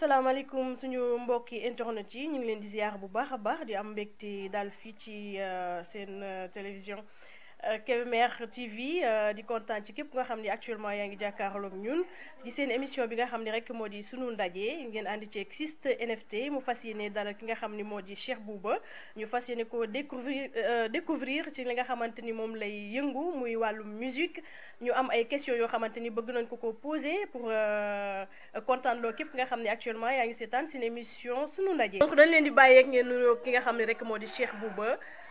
salaamaaleykum suñu mbokki internet yi ñu ngi leen di ziar bu baax a baax di am mbégte daal fii ci euh, seen euh, télévision. Euh, Kébémer TV euh, di kontaan ci képp nga xamni ni actuellement yaa ngi jàkkaarloog ñun ci seen émission bi nga xamni rek modi di sunu ndaje ngeen andi ci existe NFT mu fas yéene dalal ki nga xamni modi Cheikh Bouba ñu fas ko découvrir euh, découvrir ci li nga xamanteni mom lay yëngu muy walu musique ñu am ay questions yo xamanteni bëgg nañ ko ko poser pour contant lo képp nga xamni ni actuellement yaa ngi seetaan seen émission sunu ndaje. donc dañ leen di baye bàyyeeg ngeen nuyoo ki nga xamni rek modi Cheikh Bouba.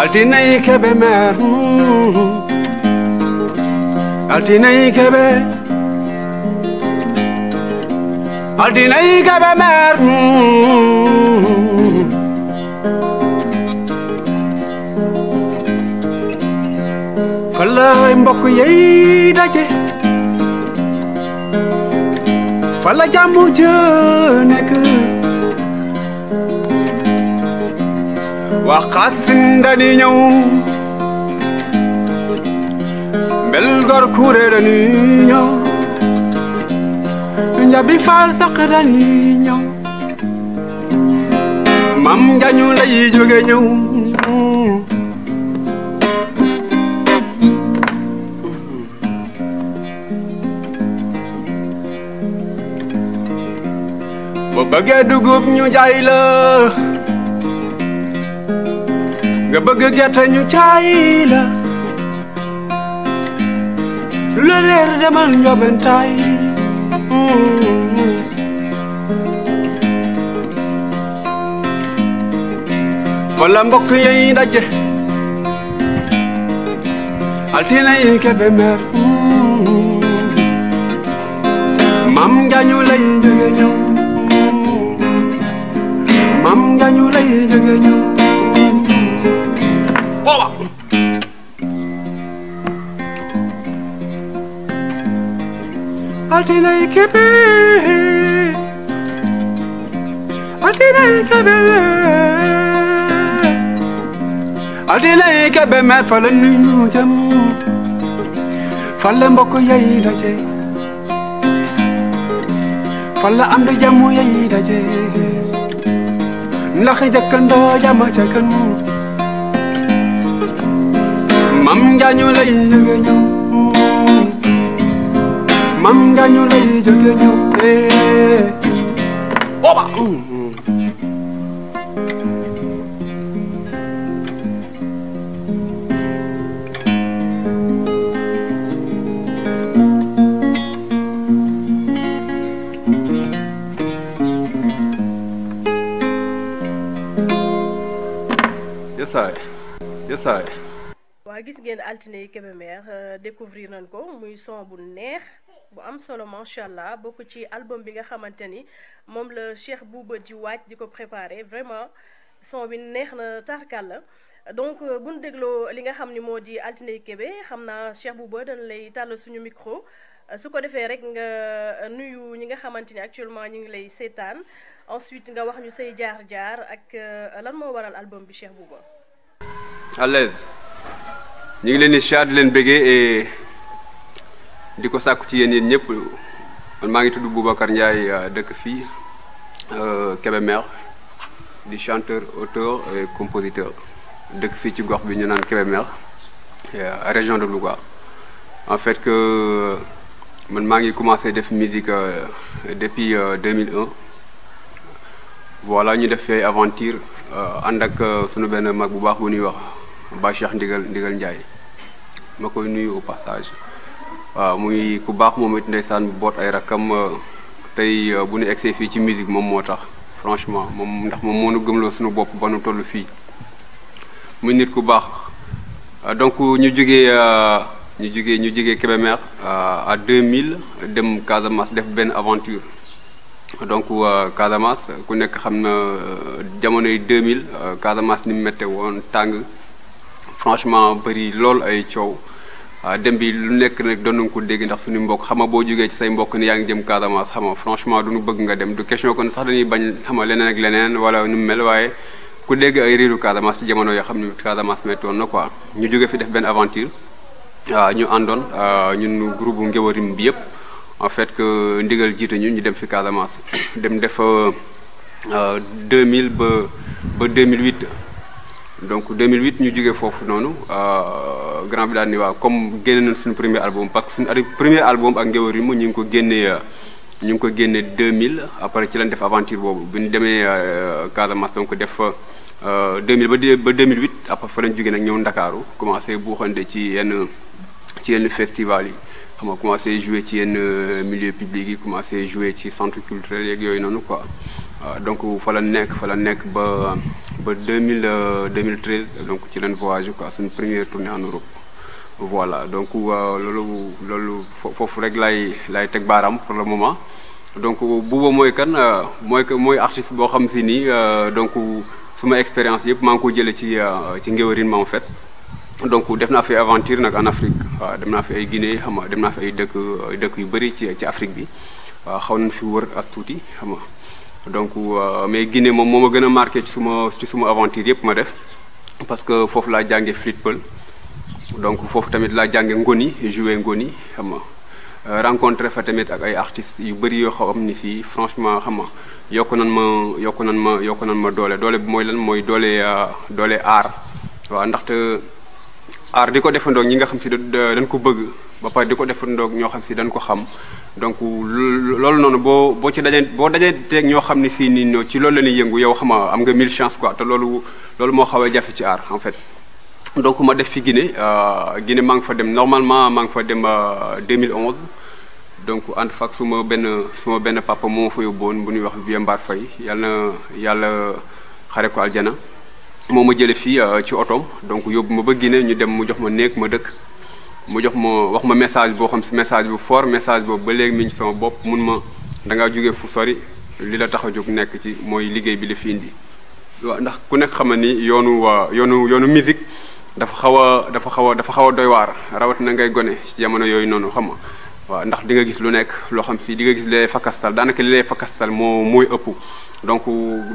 Altinai kebe mer Altinai kebe Altinai kebe mer Fala mbok yey daje Fala jamu je nek waxaasindaani ñëw mbel gor kuure dañuy ñëw njabi faal saq dañuy ñëw mam njañu lay jóge ñëw ba bëggee dugub ñu jaay gabaga gyatanyu chaila lwerer damal nyoben tai wala mbokk yey daje altina yi kebe mer mam gañu lay jóge ñëw mam gañu lay jóge ñëw Altina ikebe Altina ikebe Altina ikebe mer fala nuyu jam fala mbokk yay daje fala am da jàmm yay daje ndax jëkkandoo jàmm ca kan mam janu lay yëge mam gañu lay jóge que oba yesaay yesaay waa gis ngeen altine yi Kébémer découvrir nañ ko muy son bu neex bu am solo macha allah bokk ci album bi nga xamanteni mom le Cheikh Bouba di wadj diko préparer vraiment son bi neexna na tarkal donc euh, buñ ñu li nga xamni ni altiné di Altine Kébé xam Cheikh Bouba dañ lay tal suñu micro euh, su ko defee rek nga euh, nuyu ñi nga xamanteni actuellement ñu ngi lay sétane ensuite nga wax ñu sey jaar-jaar ak lan mo waral album bi Cheikh Bouba. à l'aise ñu ngi leni di siyaar di leen bëggee et di ko sàkku ci yeneen yéen ñëpp man maa ngi tudd Boubacar Ndiaye euh, dëkk fii euh, Kébémer di chanteur auteur et compositeur dëkk fii ci gox bi ñu naan Kébémer euh, région de Louga en fait que man maa ngi commencé def musique depuis 2001 voilà ñu def fee aventure ànd ak sunu benn mag bu baax bu ñuy wax Ba Cheikh Ndigal Ndigal Ndiaye ma koy nuyu au passage waaw muy ku baax moom it ndeysaan boot ay rakkam euh, tey euh, bu ñu egsee fii ci musique moom moo franchement moom ndax moom moo nu gëmloo suñu bopp ba nu toll fii muy nit ku baax euh, donc ñu jógee ñu jógee ñu jógee Kébémer à 2000 dem Casamance def benn aventure donc Casamance ku nekk xam na jamonoy 2000 Casamance ni mu métte woon tàng franchement bëri lol ay coow waaw ah, dem bi lu nekk nag doon nañu ko dégg ndax suñu mbokk xama boo jógee ci say mbokk ni yaa ngi jëm Casamance xama franchement du ñu bëgg nga dem du question kon sax dañuy bañ xama leneen ak leneen wala nu mu mel waaye ku dégg ay riiru Casamance ci jamono yoo xam ne Casamance méttoon na quoi ñu jóge fi def benn aventure waaw ah, ñu àndoon ah, ñun groupe Ngéwërim bi yëpp en fait que ndigal jiite ñu ñu dem fi Casamance dem def 2000 euh, euh, ba ba 2008 donc 2008 ñu jógee foofu noonu euh, Grand Village ni waaw comme génne nañ suñu premier album parce que suñu premier album ak Ngéwér Rimo ñu ngi ko génnee euh, ñu ngi ko génnee 2000 après ci lañ def aventure boobu bu ñu demee euh, Casamance donc def 2000 ba ba 2008 après fa lañ jógee nag ñëw Ndakaaru commencé buuxande ci yenn ci yenn festival yi xam nga commencé jouer ci yenn milieu public yi commencé jouer ci centre culturel yeeg yooyu noonu quoi. Euh, donc fa la nekk fa la nekk ba ba deux mille euh, deux mille treize donc ci leen voyage quoi suñu première tournée en Europe voilà donc euh, loolu loolu foofu rek lay lay teg baaraam pour le moment donc Bouba mooy kan mooy mooy artiste boo xam si nii donc suma expérience yëpp maa ngi ko jëlee ci ci Ngéwérine ma fait donc def naa fi aventure nag en Afrique waaw dem naa fi ay Guinée xam nga dem naa fi ay dëkk dëkk yu bëri ci ci Afrique bi waaw xaw nañ fi wër as tuuti xam donc euh, mais Guinée moom moo ma gën a marqué ci suma ci suma aventure yëpp ma def parce que foofu laa jànge flûte donc foofu tamit laa jànge ngoni joué ngoni xam nga euh, rencontré fa tamit ak ay artistes yu bëri yoo xam ni si franchement xam nga yokk nan ma yokk nan ma yokk nan ma doole doole bi mooy lan mooy doole euh, doole aar waaw ndaxte aar di ko defandoo ñi nga xam si dañ ko bëgg ba pare di ko defandoo ñoo xam si dañ ko xam donc loolu noonu boo boo ci dajee boo dajee teeg ñoo xam ne sii nii ñoo ci loolu la ñuy yëngu yow xam a am nga mille chance quoi te loolu loolu moo xaw a jafe ci aar en fait donc ma def fi Guinée euh, gine maa ngi fa dem normalement maa ngi fa dem 2011 euh, donc ànd faak suma benn suma benn papa moo fa yóbboon bu ñuy wax Vieux Mbar fay yàlla na yàlla xare ko aljana moo ma jële fii euh, ci otoom donc yóbbu ma ba Guinée ñu dem mu jox ma néeg ma dëkk mu jox ma wax ma message boo xam si message bu foor message boobu ba léegi mi ngi sama bopp mun ma da jóge fu sori li la tax a jóg nekk ci mooy liggéey bi la fi bi waaw ndax ku nekk xam ni yoonu waa yoonu yoonu musique dafa xaw a dafa xaw a dafa xaw doy waar rawatina ngay gone ci jamono yooyu noonu xam nga waaw ndax dinga gis lu nekk loo xam si di nga gis li lay fakastal daanaka li lay fakastal moo mooy ëpp donc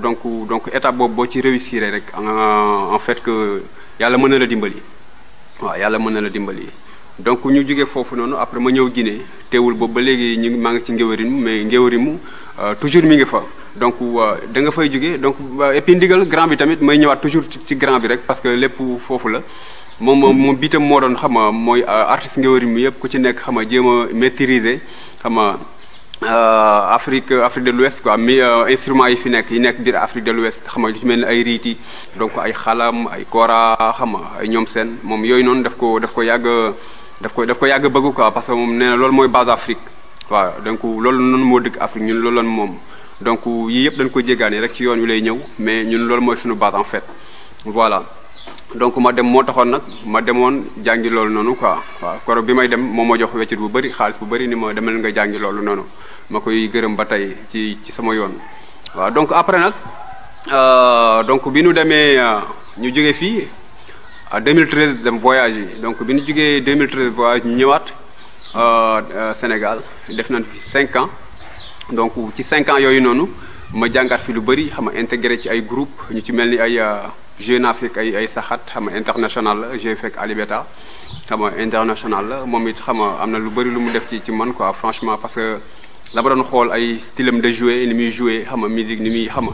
donc donc état boobu boo ci réussir rek en fait que yàlla mën na la dimbali waaw yàlla mën na la dimbali. donc ñu jógee foofu noonu après ma ñëw Guinée teewul boobu ba léegi ñu maa ngi ci ngéwarimu mais ngéwarimu euh, toujours mi ngi fa donc da nga fay jógee donc et puis ndigal grand bi tamit may ñëwaat toujours ci grand bi rek parce que lépp foofu la moom moom biitam moo doon xam nga mooy euh, artiste ngéwarimu yëpp ko ci nekk xam nga jéem a maîtriser xam euh, Afrique Afrique de l'Ouest quoi mi instruments yi fi nekk yi nekk biir Afrique de l'Ouest xam nga lu ci mel ni ay riiti donc ay xalam ay kora xam ñoom seen moom yooyu noonu daf ko daf ko yàgg daf ko daf ko yàgg bëgg quoi parce que moom nee na loolu mooy base Afrique waaw donc loolu noonu moo dëkk Afrique ñun loolu lañu moom donc yii yëpp dañ ko jéggaani rek ci yoon wi lay ñëw mais ñun loolu mooy suñu base en fait voilà donc ma dem moo taxoon nag ma demoon jàngi loolu noonu quoi waaw koro bi may dem moom ma jox weccit bu bëri xaalis bu bëri ni ma demal nga jàngi loolu noonu ma koy gërëm ba tey ci ci sama yoon waaw donc après nag euh, donc bi ñu demee euh, ñu jóge fii à euh, 2013 dem voyager donc bi ñu jógee 2013 voyage ñu euh, euh Sénégal def nañ fi 5 ans donc ci 5 ans yoyu nonu ma jàngaat fi lu bari xama nga intégré ci ay groupe ñu ci melni ay euh, Jeune Afrique ay ay saxaat xama international la j'ai fekk Alibeta xam international la moom xama amna lu bari lu mu def ci ci man quoi franchement parce que la ba doon xool ay stylem de jouer ni muy jouer xama musique ni muy xama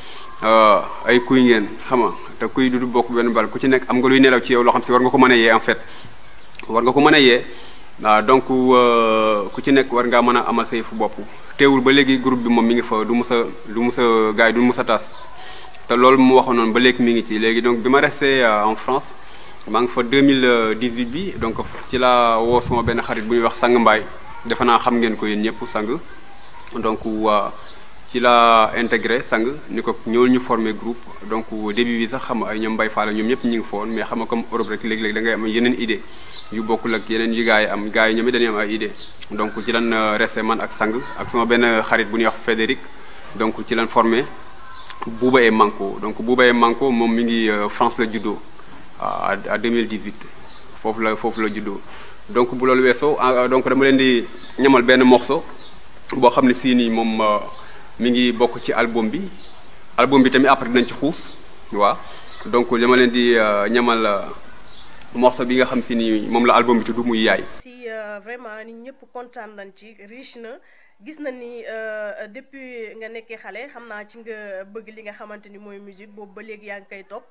Ah, ay kuy ngeen xam nga te kuy du du bokk benn bal ku ci nekk am nga luy nelaw ci yow loo xam si war nga ko mën a yee en fait war nga ko mën a yee ah, donc ah, ku ci nekk war ngaa mën a amal say fu bopp teewul ba léegi groupe bi moom mi ngi fa du mus a du mus a gars du mus a tas te loolu mu waxoon noonu ba léegi mi ngi ci léegi donc bi ma resté en France maa ngi fa mille 2018 bi donc ci laa woo sama benn xarit bu ñuy wax sang mbaay defe naa xam ngeen ko yéen ñëpp sang donc ci la intégré sang ni ko ñoo ñu former groupe donc début bi sax xam ay ñom bay faala ñom ñep ñi ngi foon mais xama comme europe rek leg leg da ngay am yeneen idée yu bokul ak yeneen yi gaay am gaay ñom dañu am ay idée donc ci lan euh, resté man ak sang ak sama ben xarit bu ñu wax frédéric donc ci lan former bouba et manko donc bouba et manko mom mi ngi euh, france le judo à, à 2018 fofu la fofu la judo donc bu lolou wesso ah, ah, donc dama leen di ñamal ben morceau bo xamni si ni mom uh, mi ngi bokk ci album bi album bi tamit après dinañ ci xuus waaw donc li ma leen di euh, ñamal euh, morceau bi nga xam si ni moom la album bi tudd muy yaay. ci euh, vraiment ni ñëpp kontaan nañ ci riche na gis na ni depuis nga nekkee xale xam naa ci nga bëgg li nga xamante ni mooy musique boobu ba léegi yaa ngi koy topp.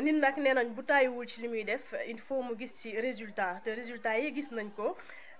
nit nag nee nañ bu tàyyiwul ci li muy def il faut mu gis ci résultat te résultat yi gis nañ ko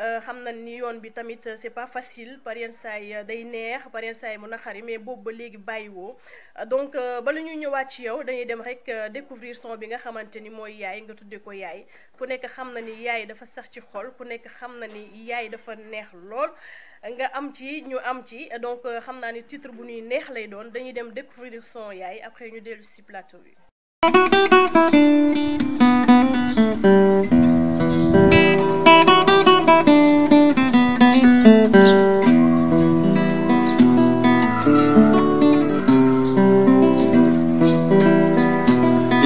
Euh, xam ni yoon bi tamit euh, c'est pas facile par yenn saay euh, day neex par yenn saay mu naqari mais bobu ba léegi bàyyiwoo donc ba la ñuy ñëwaat ci yow dañuy dem rek découvrir son bi nga xamante ni mooy yaay nga tuddee ko yaay ku nekk xam na ni yaay dafa sax ci xol ku nekk xam na ni yaay dafa neex lool nga am ci ñu am ci donc xam naa ni titre bu ñuy neex lay doon dañuy dem découvrir son yaay après ñu dellu si plateau bi.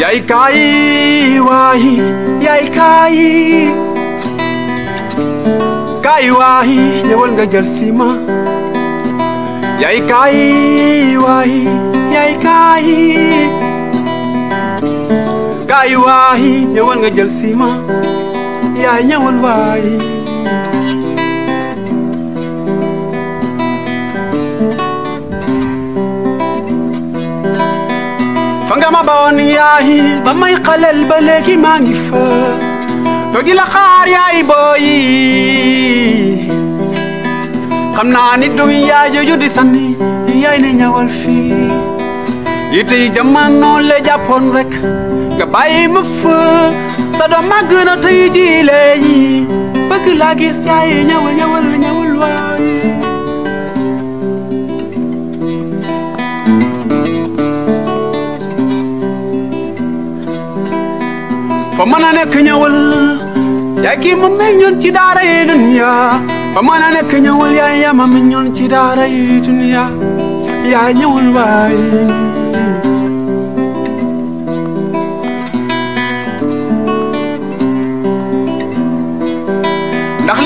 Yay kai wahi, yay kai Kai wahi, ñëwal nga jël si ma Yay kai wahi, yay kai Kai nga jël si Yaay ñëwal waay fa nga ma bawoon yaay ba may xalel ba léegi maa ngi fa toog di la xaar yaay booy xam naa ni du yaay jooju di sànni yaay ne ñëwal fii yitte yi jamono la jàppoon rek nga bàyyi ma fa sa doom màgg na tey jii léegi bëgg laa gis yaay ñëwal ñëwal ñëwal ba mën a nekk ñëwal yaay kii ma meññoon ci daara yi ba mën a nekk ñëwal yaay yaa ma meññoon ci daara yi dunya yaa ñëwal waay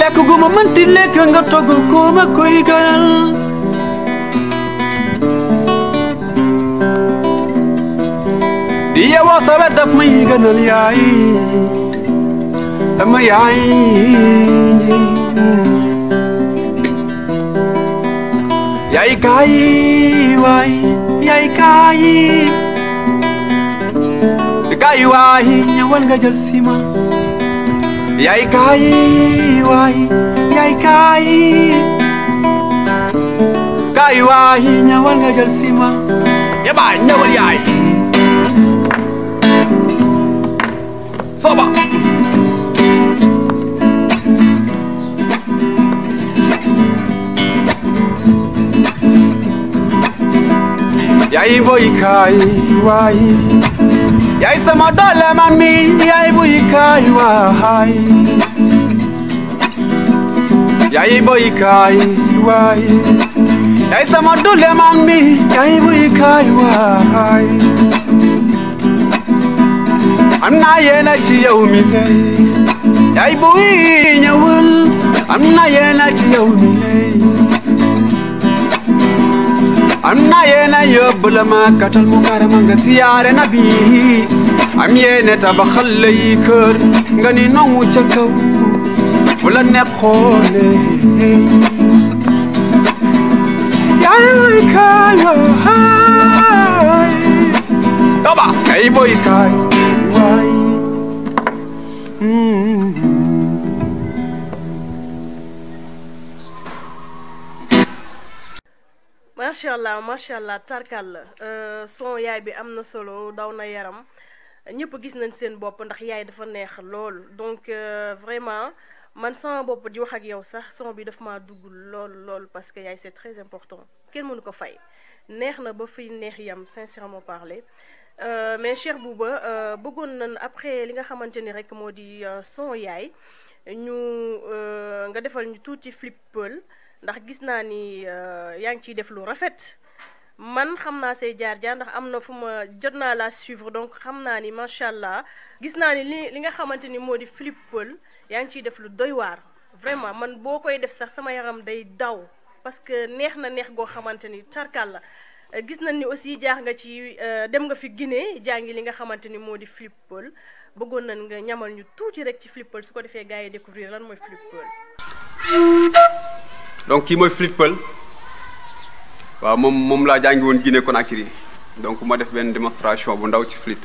lekk gu ma mënti lekk nga togg ko ma yewoo sa wet daf may gënal yaay sama yaay yaay kaay waay yaay kaay kaay waay ñëwal nga jël si ma yaay kaay waay yaay kaay kaay waay ñëwal nga jël si ma yaba ñëwal yaay Yai yaibo ikai wai yaisa madola mami yaibo ikai wai yaibo ikai wai yaisa madola mami yaibo ikai wai amna yena chi yaumile yaibo inyawul amna yena chi yaumile am na yéena yóbbu la màkkatal mu karama nga siyaare na bi am yéene tabaxal lay kër nga ni nongu ca kaw fu la nekkoole yaay woy kaay waay doba kay boy kaay waay Masha'allah, allah tarkal euh son yaay bi amna solo dawna yaram ñepp gis nañ seen bop ndax yaay dafa neex lool donc euh, vraiment man sama bop di wax ak yow sax son bi daf ma dugg lool lool parce que c'est très important Quel mënu ko fay neex na ba fi neex yam sincèrement parler euh, mais cher Bouba euh, après li nga xamante son nous nous nga defal ñu flip ndax gis naa ni euh, yaa ngi ciy def lu rafet man xam naa say jaar jaar ndax am na fu ma jot naa la suivre donc xam naa ni macha allah gis naa ni li li nga xamante ni moo di Philippe Paul yaa ngi ciy def lu doy vraiment man boo koy def sax sama yaram day daw parce que neex na neex goo xamante ni tarkal la euh, gis nañ ni aussi jaax nga ci euh, dem nga fi Guinée jàngi li nga xamante ni moo di Philippe Paul bëggoon nañ nga ñamal ñu tuuti rek ci Philippe Paul su ko defee gars yi découvrir lan mooy Philippe Paul donc kii mooy flûte pël waaw moom moom laa jàngi woon Guinée Conakry donc ma def benn démonstration bu ndaw ci flûte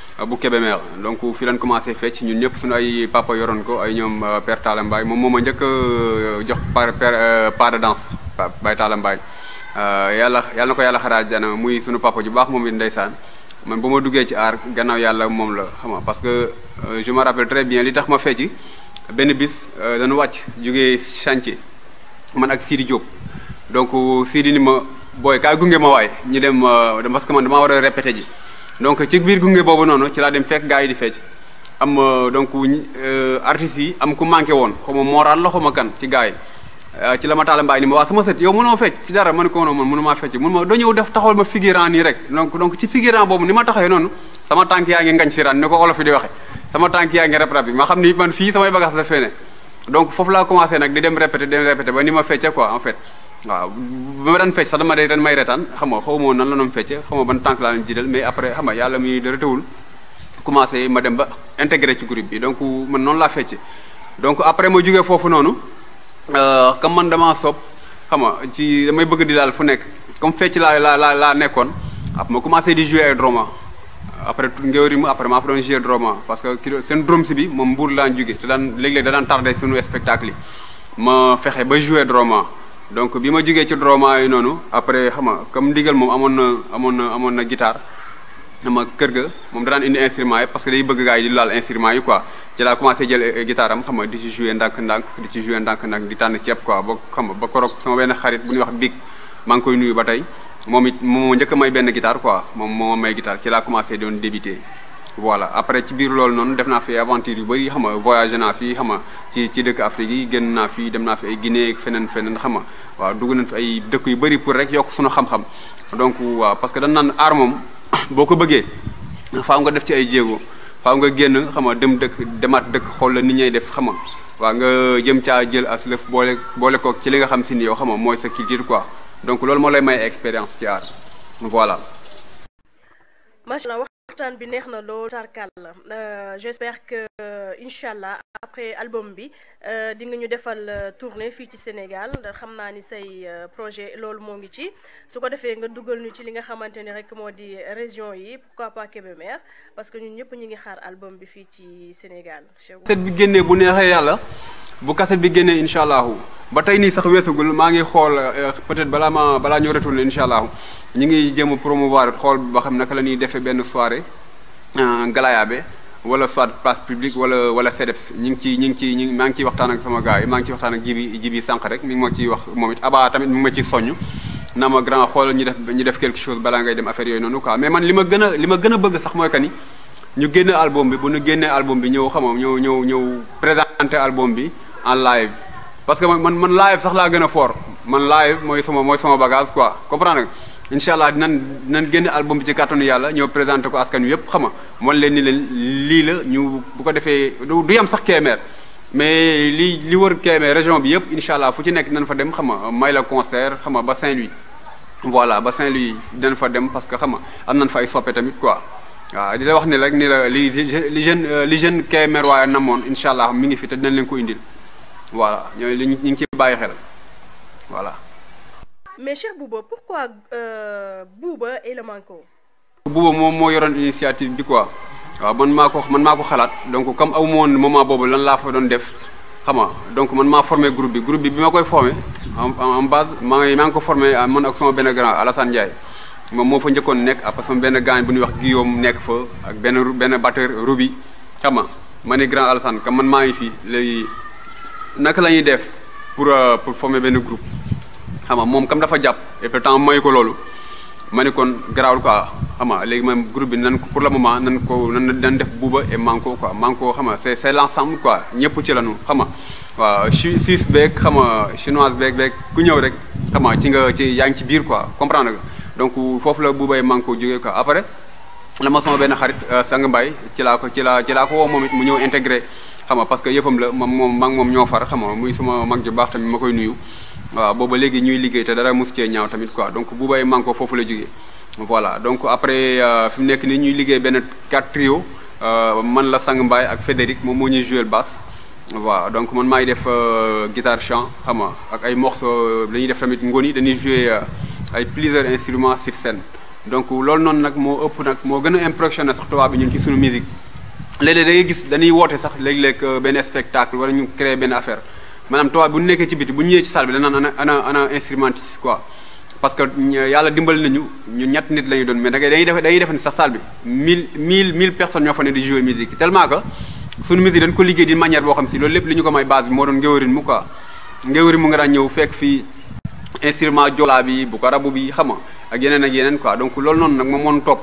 bu Kébémer donc fi lañ commencé fecc ñun ñëpp suñu ay papa yoroon ko ay ñoom euh, père Talla Mbaye moom moo ma njëkk a euh, jox par père euh, pas de danse Baye Talla yàlla yàlla na ko yàlla xaraat jana muy suñu papa ju baax moom it ndeysaan man bu ma duggee ci aar gannaaw yàlla moom la xam nga parce que je me rappelle très bien li tax ma fecc benn bis dañu wàcc jógee chantier man ak Sidi Diop donc Sidi ni ma booy kaay gunge ma waay ñu dem parce que man damaa war a ji. donc ci biir gunge boobu noonu ci laa dem fekk gars yi di fecc am euh, donc euh, artistes yi am ku manqué woon xaw ma moral la xaw ma kan ci gars yi euh, ci la ma taala mbaay ni ma fecc ko mënoo man noonu sama tànk yaa ngi ngañ siraan ni ko olof yi di waxe sama tànk yaa ngi rap rap bi ma xam ni man ma fecce quoi en waaw ba daan fecc sax dama day ren may retaan xam nga xaw ma nan la doon fecce xaw ma ban tànk laa leen jiital mais après xam nga yàlla muy dara teewul commencé ma dem ba intégré ci groupe bi donc man noonu laa fecce donc après ma jógee foofu noonu euh, comme man damaa soob xam nga ci damay bëgg di daal fu nekk comme fecc laa la la laa nekkoon ah ma commencé di jouer ay droma après ngéwér mu après maa fa doon jouer droma parce que ki seen drom si bi moom mbuur laa jóge te daan léeg-léeg da daan tardé suñu spectacle yi ma fexe ba jouer droma donc bi ma jugee ci droma yi noonu après xam nga comme ndigal moom amoon na amoon na amoon na guitare ama kër ga moom danaan indi instrument yi parce que day bëgg gars yi di laal instrument yi quoi ci laa commencé jël eh, guitare am xam nga di ci jouer ndànk-ndànk di ci jouer ndànk-ndànk di tànn ceeb quoi ba xam nga ba korog sama benn xarit bu ñuy wax big maa ngi koy nuyu ba tey moom it moom njëkk may benn guitare quoi moom moo may guitare ci laa commencé doon débuter voilà après ci biir loolu noonu def naa fi aventure yu bëri xam nga voyagé naa fii xam nga ci dëkk Afrique yi génn naa fii dem naa fi ay Guinée ak feneen feneen xam nga waaw dugg nañ fi ay dëkk yu bëri pour rek yokk suñu xam-xam donc waaw parce que dañ naan aar moom boo ko bëggee faaw nga def ci ay jéego faaw nga génn xam nga dem dëkk demaat dëkk xool la nit ñay def xam waa nga jëm caa jël as lëf boole boole koog ci li nga xam si ni yow xam nga mooy sa culture quoi donc loolu moo lay may expérience ci aar voilà. waxtaan bi neex na lool tarkal la euh, j'espère que euh, incha allah après album bi euh, di nga ñu defal tournée fii ci Sénégal xam naa ni say projet loolu moo ngi ci su ko defee nga dugal ñu ci li nga xamante ni rek moo di région yi pourquoi pas Kébémer parce que ñun ñëpp ñu ngi xaar album bi fii ci Sénégal. set bi génnee bu neexee yàlla. bu kaset bi génnee incha allahu ba tey nii sax weesagul maa ngi xool euh, peut-être balaa ma balaa ñu retourné incha allahu ñu ngi jéem a promouvoir xool ba xam naka la ñuy defee benn soirée euh, galayaabe wala soit place publique wala wala CDEPS ñu ngi ci ñu ngi ci ñu maa ngi ciy waxtaan ak sama gars yi maa ngi ci waxtaan ak jibi jibi sànq rek mi ngi ma wax moom it abaa tamit mi ngi ma ciy soññ na ma grand xool ñu def ñu def quelque chose balaa ngay dem affaire yooyu noonu quoi mais li ma gën a li a bëgg sax mooy que ni ñu génne album bi bu ñu génnee album bi ñëw xamoom ñëw ñëw ñëw présenté album bi en live parce que man man live sax laa gën a fort man live mooy sama mooy sama bagage quoi comprendre nga incha allah dinañ dinañ génn album bi ci kàttanu yàlla ñëw présenté ko askan yëpp xam nga man leen ni leen lii la ñu bu ko defee du yam sax Kébémer mais li li wër Kébémer région bi yëpp incha allah fu ci nekk nañ fa dem xam nga may la concert xam nga ba Saint-Louis voilà ba Saint-Louis dinañ fa dem parce que xam nga am nañ fa ay soppe tamit quoi. waa di la wax ni rek ni la li li li jeune euh, Kébémer waaye namoon incha allah mi ngi fi te dinañ leen ko indil. voilà yooyu la ñu ngi ciy voilà. mais cher Bouba pourquoi euh, Bouba est le Manko. Bouba moom moo yoroon initiative bi quoi waaw man maa ko man maa ko donc comme aw moon moment bobu lan la fa doon def xam donc man ma formé groupe bi groupe bi bima koy formé en base maa ngi maa ko formé man ak sama ben grand Alassane Ndiaye mom mo fa njëkkoon nek après sama ben gaay bu ñu wax Guillaume nek fa ak ben ben batteur Rubi xama mané grand Alassane comme man maa ngi fi léegi. naka la ñuy def pour euh, pour former benn groupe xam nga moom kam dafa jàpp et puis temps may ko loolu ma ne kon garaawul quoi xam nga léegi man group bi nan ko pour le moment nan ko nan nan def buuba et manko quoi manko xam nga c'est c'est l'ensemble quoi ñëpp ci lañu xam nga waaw su suisse beeg xam nga chinoise beeg beeg ku ñëw rek xam ci nga ci yaa ngi ci biir quoi comprendre donc foofu la buubay manko jógee quoi après la ma sama benn xarit euh, sang mbaay ci laa ko ci laa ci laa ko woo moom mu ñëw intégré xam parce que yëfam la mom moom mag moom ñoo far xam muy suma mag ju baax tamit ma koy nuyu waaw booba léegi ñuy liggéey te dara mos cee ñaaw tamit quoi donc bu bay manko foofu la jógee voilà donc après euh, fi mu nekk nii ñuy liggéey benn quatre trio euh, man la sang mbaay ak Frédéric moom moo ñuy jouer basse waaw donc man maay def euh, guitare chant xam ak ay morceaux dañuy def tamit ngoni dañuy jouer ay plusieurs instruments sur scène donc loolu noonu nag moo ëpp nag moo gën a impressionné sax tubaab bi ñun ci suñu musique léeg-léeg gis dañuy woote sax léeg-léeg euh, benn spectacle wala ñu créer benn affaire maanaam tubaab bu nekkee ci biti bu ñëwee ci salle bi danaan ana ana ana instrumentiste quoi parce que yàlla dimbali nañu ñu ñett nit la ñu doon mais da ngay dañuy def def ni sax salle bi mille mille mille personnes ñoo fa ne di jouer musique tellement que suñu musique dañ ko liggéey di manière boo xam si loolu lépp li ñu ko may base bi moo doon ngéwérin mu quoi ngéwérin mu nga noonu nag moom moon topp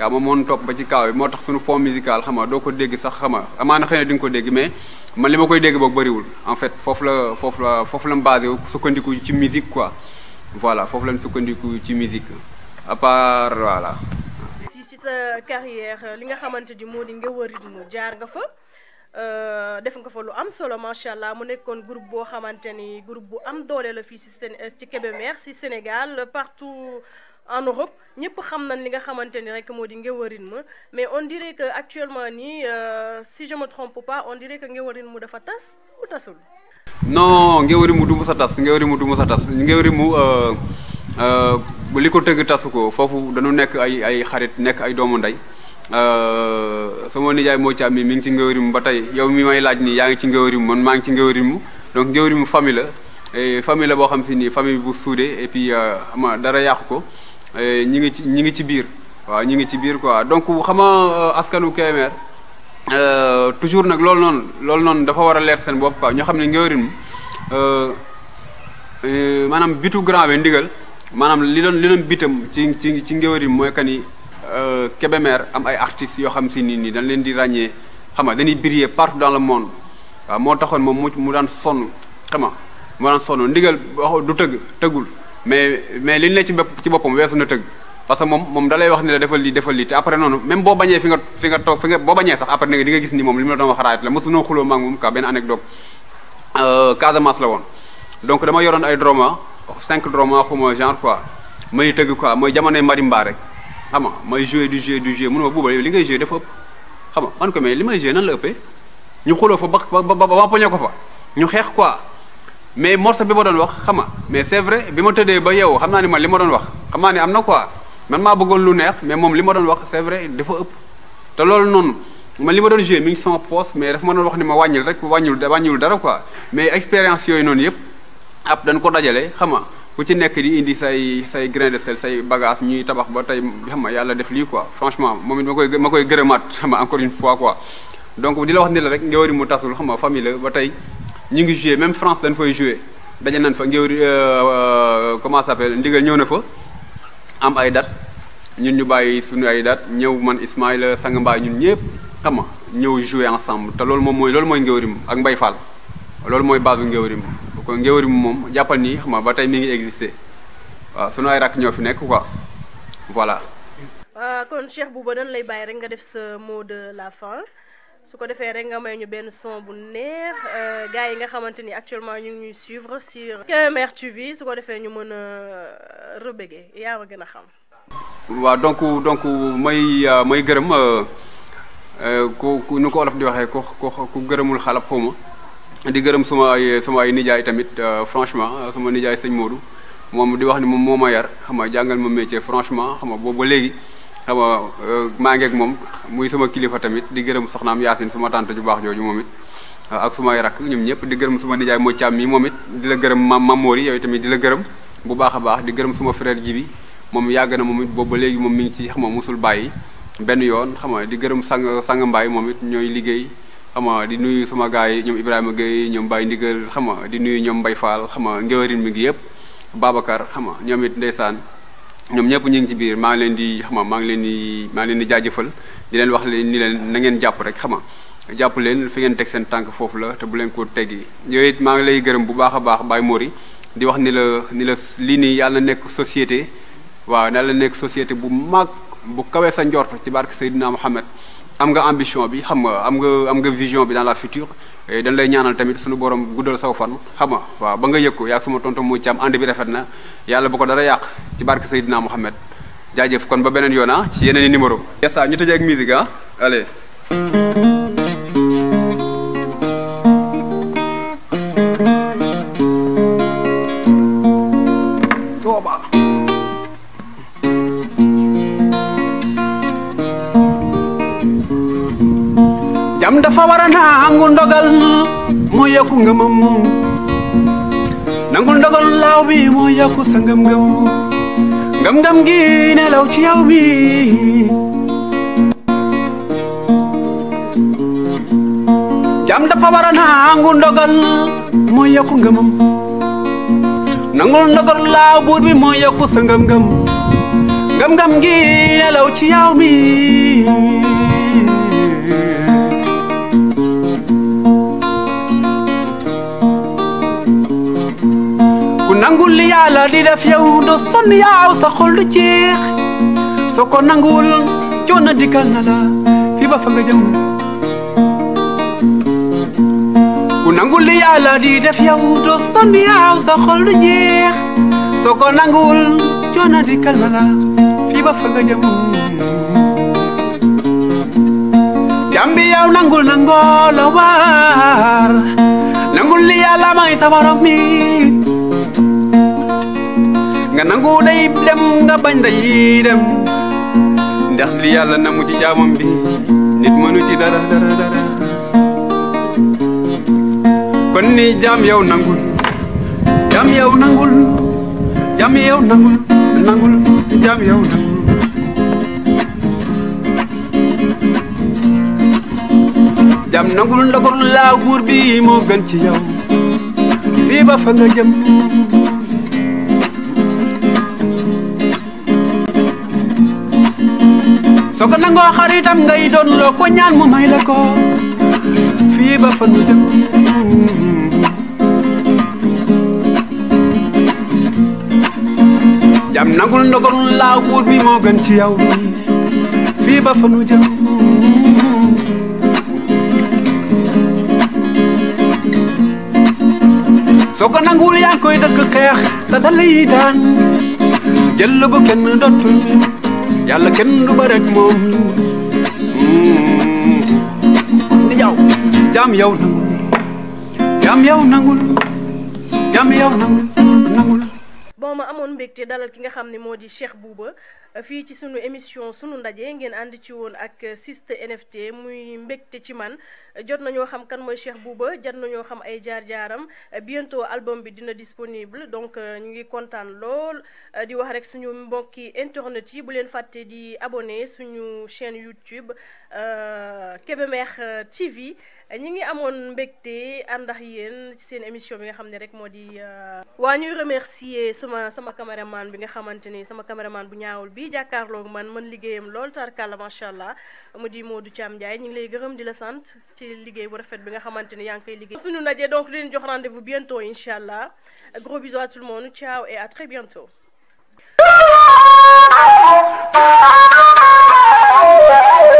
yaa moom top ba ci kaaw bi moo tax suñu fond musical xam nga doo ko dégg sax xam nga amaana xëy na di nga ko dégg mais man li ma koy dégg boog bëriwul en fait foofu la foofu la foofu la basé basé sukkandiku ci musique quoi voilà foofu la mu sukkandiku ci musique à part voilà. si si sa carrière li nga xamante ni moo di nga wër rythme jaar nga fa. Euh, def nga fa lu am solo macha allah mu nekkoon groupe boo xamante ni groupe bu am doole la fii si seen ci Kébémer si Sénégal partout. en Europe ñëpp xam nañ ni nga xamante ni rek moo di ngéwërin ma mais on dirait que actuellement nii euh, si je me trompe pas on que ngéwërin mu dafa tas mu tasul. non ngéwërin mu du sa tas ngéwërin mu du sa tas ngéwërin mu euh, euh, li ko tëgg tasu ko foofu dañu nekk ay ay xarit nekk ay doomu ndey. sama nijaay moo ci am mi mi ngi ci mu ba tey yow mi may laaj nii yaa ngi ci ngéwërimu man maa ngi ci ngéwërimu donc ngéwërimu famille la famille la boo xam si nii famille bu suudee et puis dara yàqu ko Eh, ñi ngi ci ñi ngi ci biir waaw ñi ngi ci biir quoi donc xama euh, askanu Kébémer euh, toujours nag loolu noonu loolu noonu dafa war a leer seen bopp quoi ñoo xam ne Ngéwérin euh, maanaam bitu grand bi ndigal maanaam li doon li doon bitam ci ci ci Ngéwérin mooy que ni Kébémer am ay artistes yoo xam si nit nii dañ leen di ràññee xam nga dañuy briller partout dans le monde waaw moo taxoon moom mu mu daan sonn xam nga mu daan sonn ndigal du tëgg tëggul. mais mais li ñu ne ci bopp ci na parce que moom moom da wax ne defal lii defal lii te après noonu même boo bañee fi nga fi nga toog fi euh, la woon donc dama yoroon ay droma cinq droma xuma genre quoi may tëgg quoi mooy jamonoy marimba rek xam nga may joué du joué du li ngay joué dafa ëpp xam nga ko mais li may joué nan la ëppee ñu xuloo fa ba ba ba poñe ko fa ñu xeex quoi mais morceau bi ma doon wax xam nga mais c'est vrai bi ma tëddee ba yow xam naa ni man li ma doon wax xam naa ni am na quoi man maa bëggoon lu neex mais moom li ma doon wax c'est vrai dafa ëpp te loolu noonu ma li ma doon joué mi ngi sama poste mais dafa ma doon wax ni ma wàññil rek wàññul wàññul dara quoi mais expérience yooyu noonu yëpp ab dañ ko dajale xam nga ku ci nekk di indi say say grain de sel say bagage ñuy tabax ba tey xam nga yàlla def lii quoi franchement moom it ma koy ma koy gërëmaat xam nga encore une fois quoi di la wax ni la rek nga wari mu tasul xam nga famille la ba tey ñi ngi joué même France dañ fay joué dañ nañ fa ngir euh, euh, comment s'appelle ndigal ñëw na fa am ay date ñun ñu bàyyi suñu ay date ñëw man Ismaïla Sang Mbaye ñun ñëpp xam nga ñëw joué ensemble te loolu moom mooy loolu mooy ngéwrim ak Mbay Fall loolu mooy base ngeurim kon ngeurim moom jàppal ni xam nga ba tey mi ngi existé waaw suñu ay rak ñoo fi nekk quoi voilà. Euh, kon Cheikh Bouba dañ lay bàyyi rek nga def sa mot de la fin. su ko defee rek nga may ñu benn son bu neex euh, gars yi nga xamante ni actuellement ñu ngi ñuy suivre sur Kébémer TV su ko defee ñu mën a euh, rebégee yaa ma gën a xam. waaw donc donc may euh, may gërëm ku nu ko olof di waxee ku ku gërëmul xalab xaw di gërëm suma ay sama ay nijaay tamit franchement sama nijaay sëñ moodu moom di wax ni moom moo ma yar xam nga jàngal ma métier franchement xam nga boobu ba léegi. xawa euh, maa ngeek moom muy sama kilifa tamit di gërëm soxnaam Yaasin suma tante ju baax jooju moom it euh, ak sumay rakk ñoom ñëpp di gërëm suma nijaay moo caam mi moom it di la gërëm ma Mamori tamit di gërëm bu baax a baax di gërëm suma frère Jibi moom yàgg na moom it boobu ba léegi moom mi ngi ci xam nga musul bàyyi benn yoon xam nga di gërëm sang sang mbaay moom it ñooy liggéey xam di nuyu sama gars yi ñoom Ibrahima Gueye ñoom Baye Ndigal xam nga di nuyu ñoom Mbay Fall xam nga ngéwërin mi ngi yëpp Babacar xam ñoom it ndeysaan ñom ñepp ñing ci biir ma ngi leen di xama ma ngi leen di ma leen di jaajeufal di leen wax leen ni leen na ngeen japp rek xama japp leen fi ngeen tek seen tank fofu la te bu leen ko teggi yoy ma ngi lay gërëm bu baaxa baax bay mori di wax ni la ni la li ni yalla nekk société waaw na la nekk société bu mag bu kawé sa ndort ci barke sayyidina muhammad am ambition bi xam nga vision bi dans la future et dañ lay ñaanal tamit suñu borom guddal saw fan xam waaw ba nga son sama tonton bi na bu ko dara ci Mohamed jaajëf kon ba beneen ah, ci yeneen numéro ah, ñu musique ah, allez yokku ngëmam nangul ndogal laaw bi moo yokku sa ngëm-ngëm ngëm-ngëm gi law ci yow bi jam dafa war a nangu ndogal moo yokku ngëmam nangul ndogal laaw buur bi moo yokku sa ngëm-ngëm ngëm-ngëm gi nelaw ci yow la di def soo ko na la fi ba nangul li di def la fi ba fa jëm jambi yow nangul nangoo la nangul li yàlla may sa borom mi nga nangu day dem nga bañ day dem ndax li yàlla namu ci jaamam bi nit mënu ci dara dara dara kon ni jaam yow nangul jaam yow nangul jaam yow nangul nangul jaam yow nangul jam nangul ndagul laa buur bi moo gën ci yow fii ba fa nga jëm soko nango xaritam ngay doon loo ko ñaan mu may la ko fii ba fa nu jëm jam nangul ndogalul laa buur bi moo gën ci yow bi fii ba fa nu jëm soo ko nanguwul yaa koy dëkk xeex te dalay daan jël bu kenn dootul min yàlla kenn du bare ak moom mm. yow jaam yow nangul jaam yow nangul jaam yow nangul nangul ma amoon mbégte dalal ki nga xam ne moo di Cheikh Bouba fii ci suñu émission suñu ndaje ngeen ànd ci woon ak siste NFT muy mbégte ci man jot nañoo xam kan mooy Cheikh Bouba jot nañoo xam ay jaar-jaaram biento album bi dina disponible donc euh, ñu ngi kontaan lool euh, di wax rek suñu mbokki internet yi bu leen fàtte di abonné suñu chaîne YouTube euh, Kébémer TV ñi ngi amoon mbégte àndax yéen ci seen émission bi nga xam ne rek moo di waa ñuy remercier suma sama caméraman bi nga xamante ni sama caméraman bu ñaawul bi bi jàkkaarloog man man mën lol lool ma sha allah mu di Modou cham Ndiaye ñu ngi lay gërëm di la sante ci liggéey bu rafet bi nga xamanteni yang yaa ngi koy liggéey suñu ndaje donc di leen jox rendez-vous bientôt incha allah gros bisous à tout le monde ciao et à très bientôt